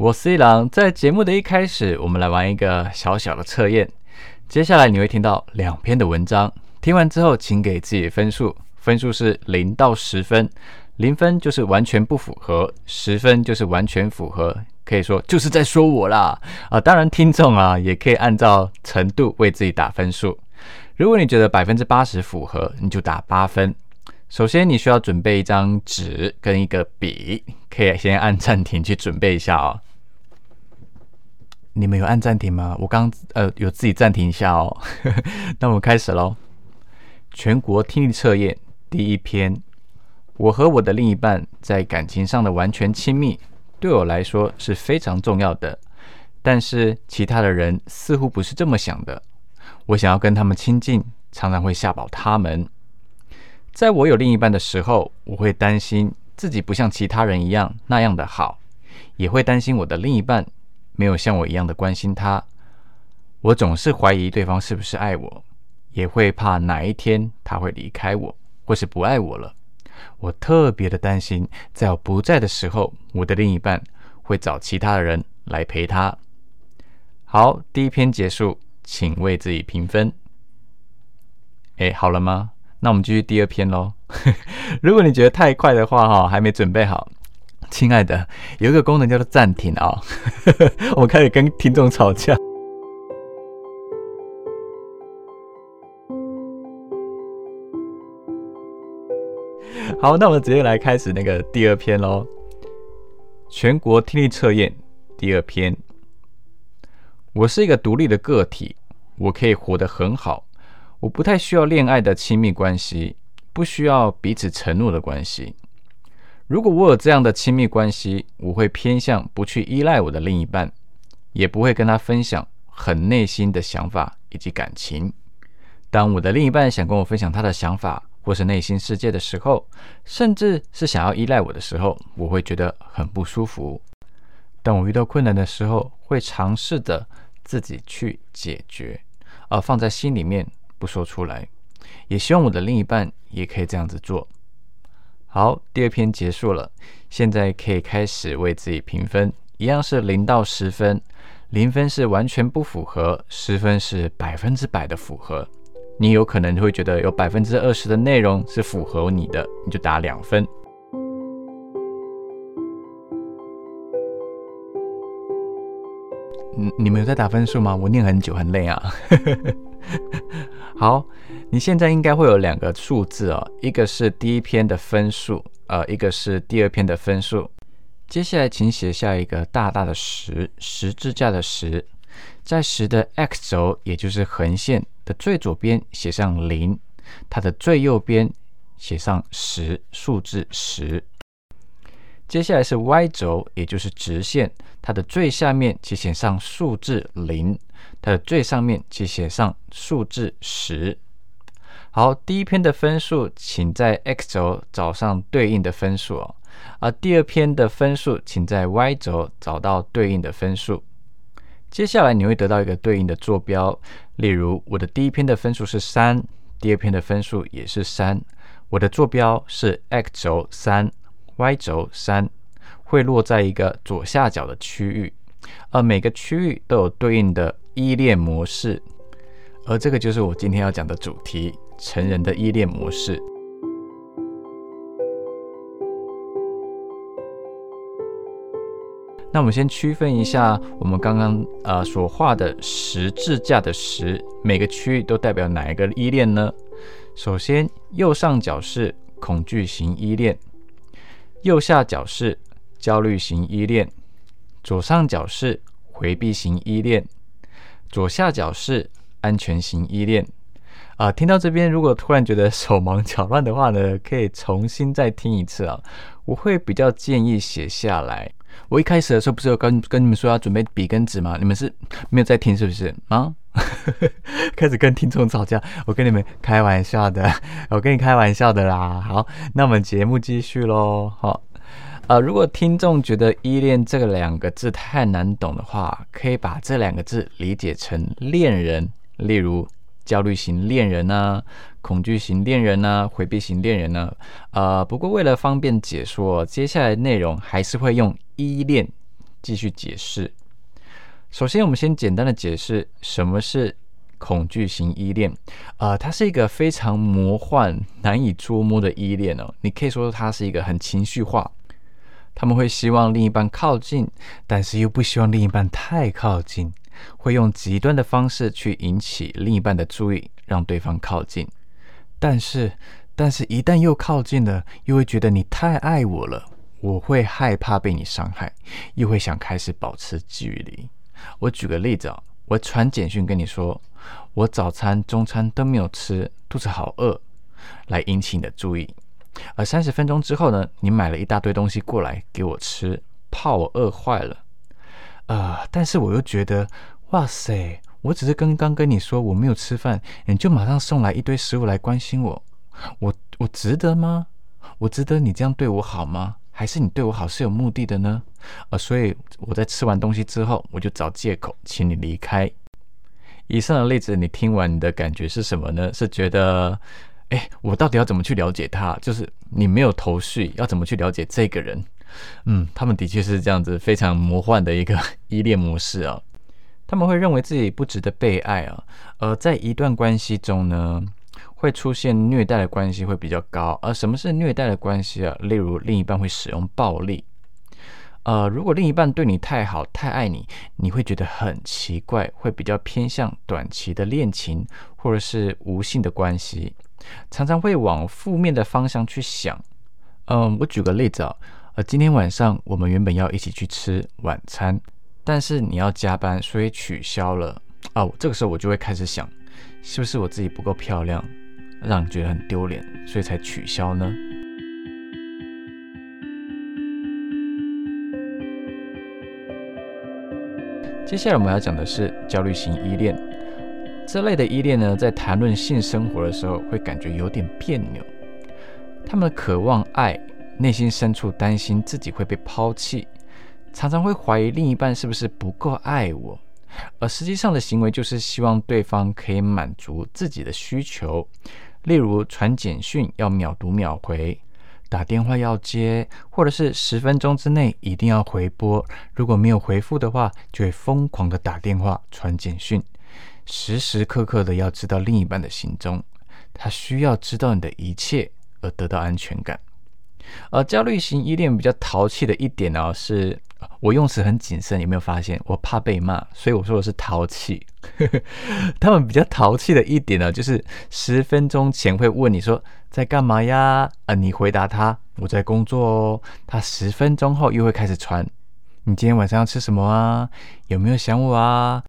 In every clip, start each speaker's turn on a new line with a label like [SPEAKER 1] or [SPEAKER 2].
[SPEAKER 1] 我是一郎，在節目的一開始，我們來玩一個小小的測驗。接下來你會聽到兩篇的文章，聽完之後，請給自己分數，分數是零到十分，零分就是完全不符合，十分就是完全符合，可以說就是在說我啦！啊，當然，聽眾啊也可以按照程度為自己打分數。如果你覺得百分之八十符合，你就打八分。首先，你需要準備一張紙跟一個筆，可以先按暫停去準備一下哦。你們有按暫停嗎？我剛呃有自己暫停一下哦， 那我們開始嘍。全國聽力測驗第一篇，我和我的另一半在感情上的完全親密對我來說是非常重要的，但是其他的人似乎不是這麼想的。我想要跟他們親近，常常會嚇跑他們。在我有另一半的時候，我會擔心自己不像其他人一樣那樣的好，也會擔心我的另一半，沒有像我一樣的關心他，我總是懷疑對方是不是愛我，也會怕哪一天他會離開我，或是不愛我了。我特別的擔心，在我不在的時候，我的另一半會找其他的人來陪他。好，第一篇結束，請為自己評分。哎，好了嗎？那我們繼續第二篇嘍。 如果你覺得太快的話，哈，還沒準備好。親愛的，有一個功能叫做暫停啊、哦， 我開始跟聽眾吵架。好，那我們直接來開始那個第二篇嘍。全國聽力測驗第二篇。我是一個獨立的個體，我可以活得很好，我不太需要戀愛的親密關係，不需要彼此承諾的關係。如果我有這樣的親密關係，我會偏向不去依賴我的另一半，也不會跟他分享很內心的想法以及感情。當我的另一半想跟我分享他的想法或是內心世界的時候，甚至是想要依賴我的時候，我會覺得很不舒服。當我遇到困難的時候，會嘗試着自己去解決，而放在心裡面不說出來。也希望我的另一半也可以這樣子做。好，第二篇結束了，現在可以開始為自己評分。一樣是零到十分，零分是完全不符合，十分是百分之百的符合。你有可能會覺得有百分之二十的內容是符合你的，你就打兩分。你、嗯、你們有在打分數嗎？我念很久，很累啊。 好，你現在應該會有兩個數字哦，一個是第一篇的分數，呃，一個是第二篇的分數。接下來，請寫下一個大大的十，十字架的十，在十的 x 軸，也就是橫線的最左邊寫上零，它的最右邊寫上十，數字十。接下來是 y 軸，也就是直線，它的最下面請寫上數字零。它的最上面，請寫上數字十。好，第一篇的分數，請在 x 軸找上對應的分數哦；而第二篇的分數，請在 y 軸找到對應的分數。接下來，你會得到一個對應的坐標。例如，我的第一篇的分數是三，第二篇的分數也是三，我的坐標是 x 軸三，y 軸三，會落在一個左下角的區域。而、呃、每個區域都有對應的依戀模式，而這個就是我今天要講的主題：成人的依戀模式。那我們先區分一下，我們剛剛呃所畫的十字架的十，每個區域都代表哪一個依戀呢？首先，右上角是恐懼型依戀，右下角是焦慮型依戀。左上角是迴避型依戀，左下角是安全型依戀。啊、呃，聽到這邊，如果突然覺得手忙腳亂的話呢，可以重新再聽一次啊。我會比較建議寫下來。我一開始的時候不是有跟跟你們說要、啊、準備筆跟紙嗎？你們是沒有在聽是不是？啊， 開始跟聽眾吵架，我跟你們開玩笑的，我跟你開玩笑的啦。好，那我們節目繼續嘍，好。呃，如果聽眾覺得“依戀”這個兩個字太難懂的話，可以把這兩個字理解成“戀人”，例如焦慮型戀人吶、啊、恐懼型戀人吶、啊、回避型戀人呢、啊。呃，不過為了方便解說，接下來內容還是會用“依戀”繼續解釋。首先，我們先簡單的解釋什麼是恐懼型依戀。呃，它是一個非常魔幻、難以捉摸的依戀哦。你可以說它是一個很情緒化。他們會希望另一半靠近，但是又不希望另一半太靠近，會用極端的方式去引起另一半的注意，讓對方靠近。但是，但是，一旦又靠近了，又會覺得你太愛我了，我會害怕被你傷害，又會想開始保持距離。我舉個例子啊、哦，我傳簡訊跟你說，我早餐、中餐都沒有吃，肚子好餓，來引起你的注意。而三十分鐘之後呢，你買了一大堆東西過來給我吃，怕我餓壞了。呃，但是我又覺得，哇塞，我只是剛剛跟你說我沒有吃飯，你就馬上送來一堆食物來關心我，我我值得嗎？我值得你這樣對我好嗎？還是你對我好是有目的的呢？呃，所以我在吃完東西之後，我就找借口請你離開。以上的例子，你聽完你的感覺是什麼呢？是覺得……哎，我到底要怎麼去了解他就是你沒有頭緒，要怎麼去了解這個人？嗯，他們的確是這樣子，非常魔幻的一個依戀模式啊。他們會認為自己不值得被愛啊，而在一段關係中呢，會出現虐待的關係會比較高。而什麼是虐待的關係啊？例如，另一半會使用暴力。呃，如果另一半對你太好、太愛你，你會覺得很奇怪，會比較偏向短期的戀情或者是無性的關係，常常會往負面的方向去想。嗯，我舉個例子啊、哦，呃，今天晚上我們原本要一起去吃晚餐，但是你要加班，所以取消了。啊、哦，這個時候我就會開始想，是不是我自己不夠漂亮，讓你覺得很丟臉，所以才取消呢？接下來我們要講的是焦慮型依戀，這類的依戀呢，在談論性生活的時候會感覺有點別扭。他們渴望愛，內心深處擔心自己會被拋棄，常常會懷疑另一半是不是不夠愛我，而實際上的行為就是希望對方可以滿足自己的需求，例如傳簡訊要秒讀秒回。打電話要接，或者是十分鐘之內一定要回撥。如果沒有回覆的話，就會瘋狂的打電話、傳簡訊，時時刻刻的要知道另一半的行蹤。他需要知道你的一切，而得到安全感。而、呃、焦慮型依戀比較淘氣的一點呢、哦，是我用詞很謹慎，你有沒有發現？我怕被罵，所以我說我是淘氣。 他們比較淘氣的一點呢、哦，就是十分鐘前會問你說。在幹嘛呀？呃、啊、你回答他，我在工作哦。他十分鐘後又會開始傳，你今天晚上要吃什麼啊？有沒有想我啊？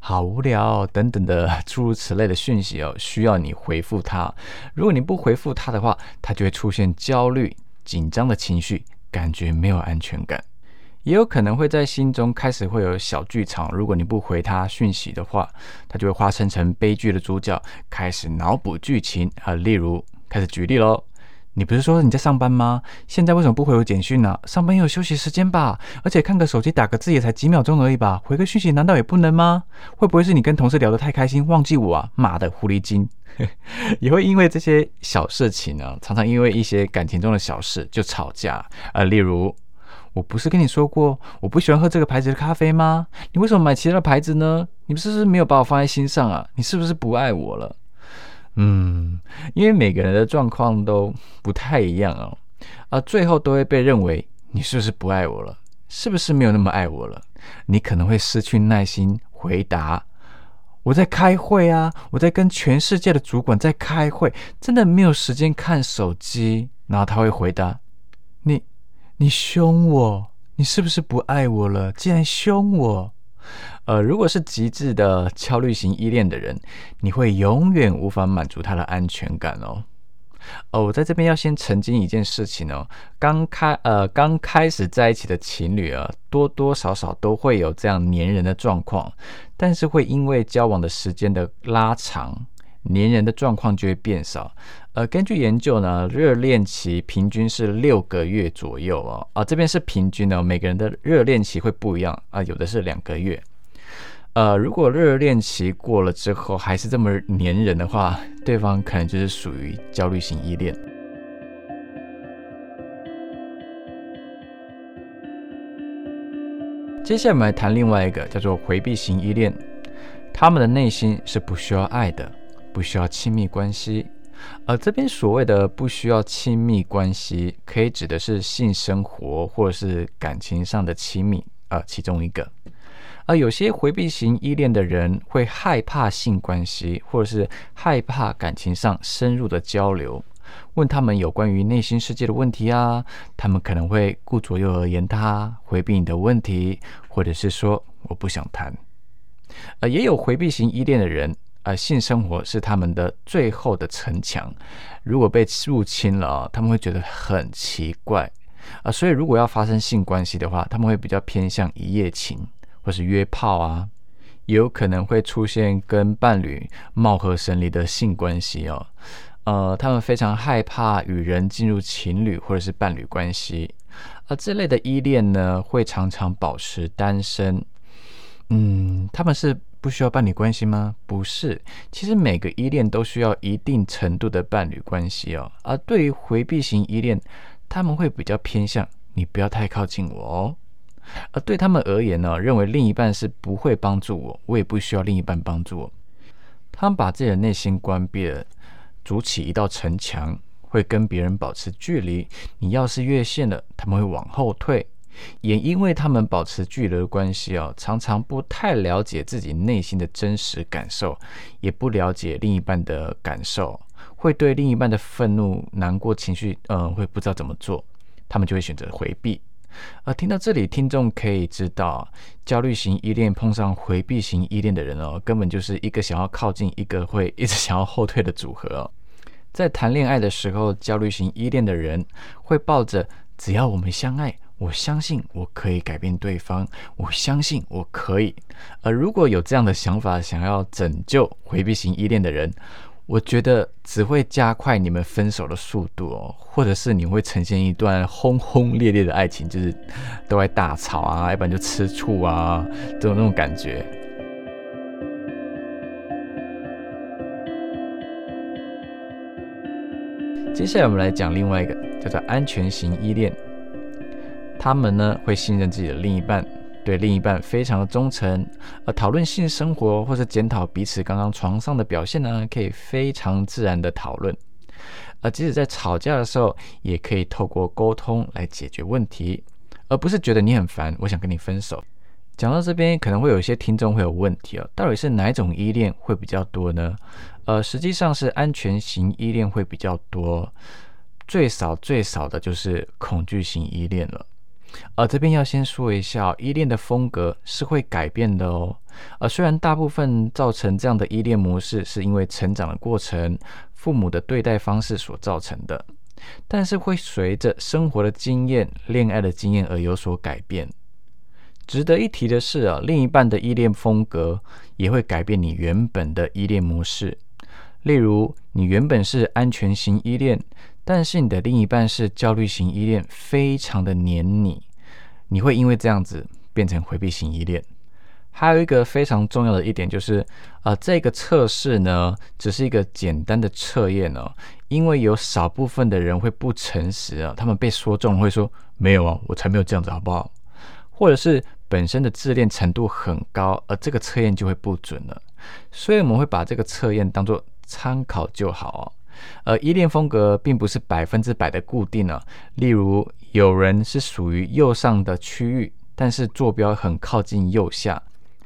[SPEAKER 1] 好無聊哦，等等的諸如此類的訊息哦，需要你回復他。如果你不回復他的話，他就會出現焦慮、緊張的情緒，感覺沒有安全感，也有可能會在心中開始會有小劇場。如果你不回他訊息的話，他就會化身成悲劇的主角，開始腦補劇情啊，例如。開始舉例嘍，你不是說你在上班嗎？現在為什麼不回我簡訊呢、啊？上班也有休息時間吧，而且看個手機打個字也才幾秒鐘而已吧，回個訊息難道也不能嗎？會不會是你跟同事聊得太開心，忘記我啊？媽的狐狸精！ 也會因為這些小事情啊，常常因為一些感情中的小事就吵架啊、呃。例如，我不是跟你說過我不喜歡喝這個牌子的咖啡嗎？你為什麼買其他的牌子呢？你是不是沒有把我放在心上啊？你是不是不愛我了？嗯，因為每個人的狀況都不太一樣哦，啊，最後都會被認為你是不是不愛我了，是不是沒有那麼愛我了？你可能會失去耐心回答，我在開會啊，我在跟全世界的主管在開會，真的沒有時間看手機。然後他會回答，你，你兇我，你是不是不愛我了？竟然兇我。呃，如果是極致的焦慮型依戀的人，你會永遠無法滿足他的安全感哦。哦，我在這邊要先澄清一件事情哦，剛開，呃，剛開始在一起的情侶啊，多多少少都會有這樣黏人的狀況，但是會因為交往的時間的拉長。黏人的狀況就會變少。呃，根據研究呢，熱戀期平均是六個月左右哦。啊、呃，這邊是平均的，哦，每個人的熱戀期會不一樣啊，呃，有的是兩個月。呃，如果熱戀期過了之後還是這麼黏人的話，對方可能就是屬於焦慮型依戀。接下來我們來談另外一個叫做迴避型依戀，他們的內心是不需要愛的。不需要親密關係，而、呃、這邊所謂的不需要親密關係，可以指的是性生活或者是感情上的親密，呃，其中一個。而、呃、有些回避型依戀的人會害怕性關係，或者是害怕感情上深入的交流。問他們有關於內心世界的問題啊，他們可能會顧左右而言他，回避你的問題，或者是說我不想談。呃，也有回避型依戀的人。呃，性生活是他們的最後的城牆，如果被入侵了啊、哦，他們會覺得很奇怪啊、呃。所以，如果要發生性關係的話，他們會比較偏向一夜情或是約炮啊，也有可能會出現跟伴侶貌合神離的性關係哦。呃，他們非常害怕與人進入情侶或者是伴侶關係，啊，這類的依戀呢，會常常保持單身。嗯，他們是。不需要伴侶關係嗎？不是，其實每個依戀都需要一定程度的伴侶關係哦。而對於迴避型依戀，他們會比較偏向你不要太靠近我哦。而對他們而言呢、哦，認為另一半是不會幫助我，我也不需要另一半幫助我。他們把自己的內心關閉了，築起一道城牆，會跟別人保持距離。你要是越線了，他們會往後退。也因為他們保持距離的關係哦，常常不太了解自己內心的真實感受，也不了解另一半的感受，會對另一半的憤怒、難過情緒，嗯、呃，會不知道怎麼做，他們就會選擇回避。而、呃、聽到這裡，聽眾可以知道，焦慮型依戀碰上回避型依戀的人哦，根本就是一個想要靠近一個會一直想要後退的組合哦。在談戀愛的時候，焦慮型依戀的人會抱着只要我們相愛。我相信我可以改變對方，我相信我可以。而如果有這樣的想法，想要拯救回避型依戀的人，我覺得只會加快你們分手的速度哦，或者是你會呈現一段轟轟烈烈的愛情，就是都愛大吵啊，一般就吃醋啊，這種那種感覺。接下來我們來講另外一個，叫做安全型依戀。他們呢，會信任自己的另一半，對另一半非常的忠誠，而討論性生活或是檢討彼此剛剛床上的表現呢，可以非常自然的討論，而即使在吵架的時候，也可以透過溝通來解決問題，而不是覺得你很煩，我想跟你分手。講到這邊，可能會有一些聽眾會有問題哦，到底是哪種依戀會比較多呢？呃，實際上是安全型依戀會比較多，最少最少的就是恐懼型依戀了。而，呃，這邊要先說一下哦，依戀的風格是會改變的哦。呃，雖然大部分造成這樣的依戀模式是因為成長的過程、父母的對待方式所造成的，但是會隨着生活的經驗、戀愛的經驗而有所改變。值得一提的是啊，另一半的依戀風格也會改變你原本的依戀模式。例如，你原本是安全型依戀。但是你的另一半是焦慮型依戀，非常的黏你，你會因為這樣子變成迴避型依戀。還有一個非常重要的一點就是，呃，這個測試呢只是一個簡單的測驗哦，因為有少部分的人會不誠實啊，他們被說中了會說沒有啊，我才沒有這樣子，好不好？或者是本身的自戀程度很高，而、呃、這個測驗就會不準了，所以我們會把這個測驗當做參考就好哦。而依戀風格並不是百分之百的固定了啊，例如有人是屬於右上的區域，但是坐標很靠近右下，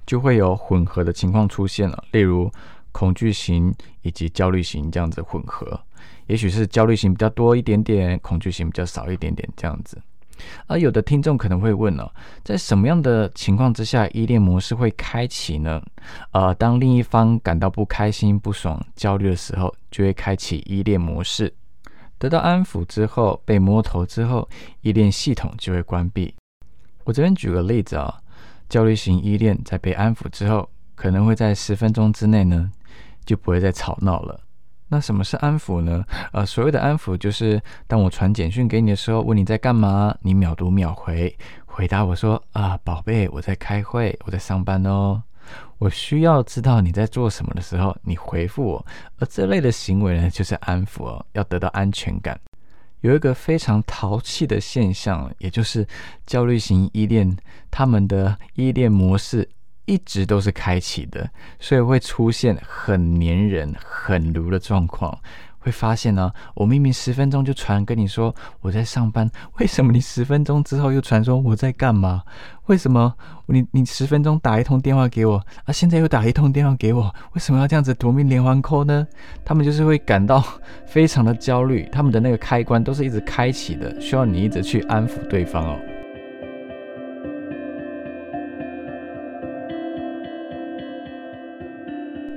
[SPEAKER 1] 就會有混合的情況出現了啊。例如恐懼型以及焦慮型這樣子混合，也許是焦慮型比較多一點點，恐懼型比較少一點點這樣子。而有的聽眾可能會問哦，在什麼樣的情況之下依戀模式會開啟呢？呃，當另一方感到不開心、不爽、焦慮的時候，就會開啟依戀模式。得到安撫之後，被摸頭之後，依戀系統就會關閉。我這邊舉個例子啊、哦，焦慮型依戀在被安撫之後，可能會在十分鐘之內呢，就不會再吵鬧了。那什麼是安撫呢？呃，所謂的安撫就是，當我傳簡訊給你的時候，問你在幹嘛，你秒讀秒回，回答我說啊，寶貝，我在開會，我在上班哦。我需要知道你在做什麼的時候，你回復我。而這類的行為呢，就是安撫哦，要得到安全感。有一個非常淘氣的現象，也就是焦慮型依戀，他們的依戀模式，一直都是開啟的，所以會出現很黏人、很盧的狀況。會發現呢、啊，我明明十分鐘就傳跟你說我在上班，為什麼你十分鐘之後又傳說我在幹嘛？為什麼你你十分鐘打一通電話給我，啊，現在又打一通電話給我？為什麼要這樣子奪命連環 call 呢？他們就是會感到非常的焦慮，他們的那個開關都是一直開啟的，需要你一直去安撫對方哦。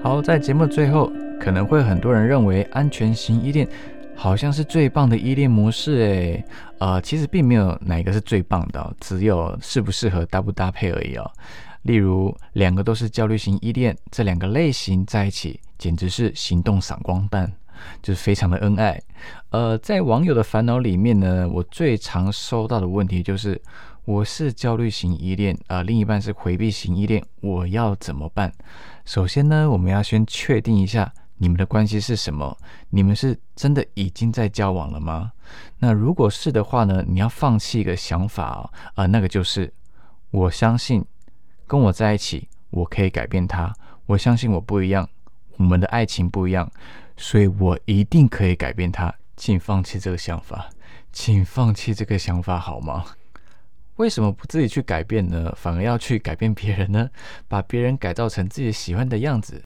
[SPEAKER 1] 好，在節目最後，可能會很多人認為安全型依戀好像是最棒的依戀模式，誒，呃，其實並沒有哪一個是最棒的、哦，只有適不適合搭不搭配而已哦。例如，兩個都是焦慮型依戀，這兩個類型在一起簡直是行動閃光彈，就是非常的恩愛。呃，在網友的煩惱裡面呢，我最常收到的問題就是，我是焦慮型依戀，啊、呃，另一半是回避型依戀，我要怎麼辦？首先呢，我們要先確定一下你們的關係是什麼？你們是真的已經在交往了嗎？那如果是的話呢，你要放棄一個想法啊，啊，那個就是我相信跟我在一起，我可以改變他。我相信我不一樣，我們的愛情不一樣，所以我一定可以改變他。請放棄這個想法，請放棄這個想法好嗎？為什麼不自己去改變呢？反而要去改變別人呢？把別人改造成自己喜歡的樣子。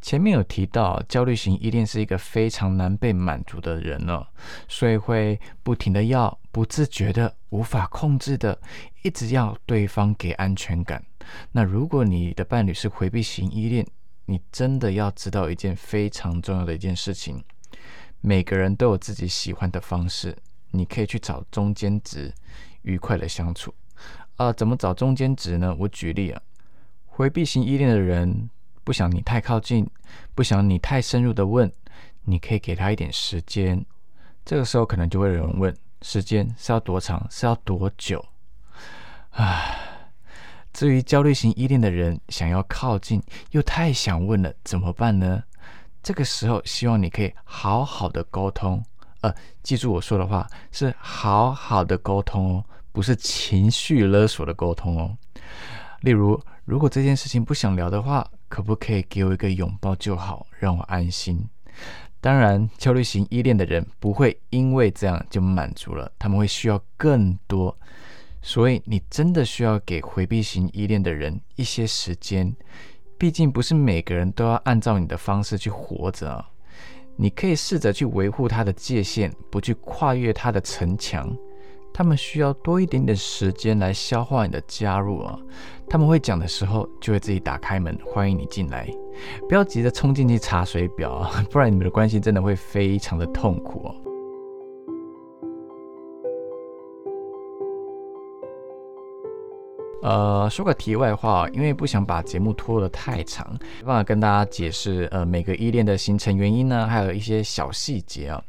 [SPEAKER 1] 前面有提到，焦慮型依戀是一個非常難被滿足的人呢、哦，所以會不停的要，不自覺的，無法控制的，一直要對方給安全感。那如果你的伴侶是回避型依戀，你真的要知道一件非常重要的一件事情：每個人都有自己喜歡的方式，你可以去找中間值。愉快的相處，啊、呃，怎麼找中間值呢？我舉例啊，回避型依戀的人不想你太靠近，不想你太深入的問，你可以給他一點時間。這個時候可能就會有人問，時間是要多長，是要多久？啊，至於焦慮型依戀的人想要靠近又太想問了，怎麼辦呢？這個時候希望你可以好好的溝通。呃，記住我說的話，是好好的溝通哦，不是情緒勒索的溝通哦。例如，如果這件事情不想聊的話，可不可以給我一個擁抱就好，讓我安心？當然，焦慮型依戀的人不會因為這樣就滿足了，他們會需要更多。所以，你真的需要給回避型依戀的人一些時間，畢竟不是每個人都要按照你的方式去活着啊。你可以試着去維護他的界限，不去跨越他的城牆。他們需要多一點點時間來消化你的加入哦。他們會講的時候，就會自己打開門歡迎你進來。不要急着衝進去查水表啊，不然你們的關係真的會非常的痛苦哦。呃，說個題外話，因為不想把節目拖得太長，沒辦法跟大家解釋呃每個依戀的形成原因呢，還有一些小細節啊。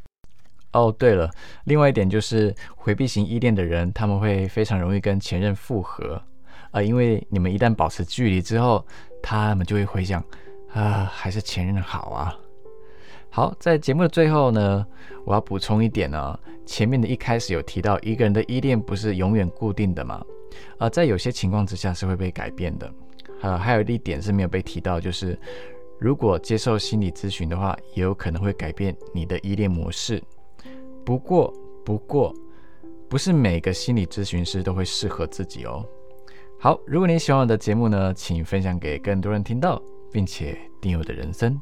[SPEAKER 1] 哦，對了，另外一點就是回避型依戀的人，他們會非常容易跟前任複合，呃，因為你們一旦保持距離之後，他們就會回想，啊、呃，還是前任好啊。好，在節目的最後呢，我要補充一點呢、啊，前面的一開始有提到一個人的依戀不是永遠固定的嘛。呃，在有些情況之下是會被改變的。呃，還有一點是沒有被提到，就是如果接受心理諮詢的話，也有可能會改變你的依戀模式。不過，不過，不是每個心理諮詢師都會適合自己哦。好，如果你喜歡我的節目呢，請分享給更多人聽到，並且訂閱我的人生。